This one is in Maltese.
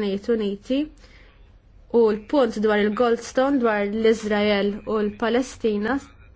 Nazzjonijiet Uniti u l-punt dwar il-Goldstone dwar l-Izrael u l-Palestina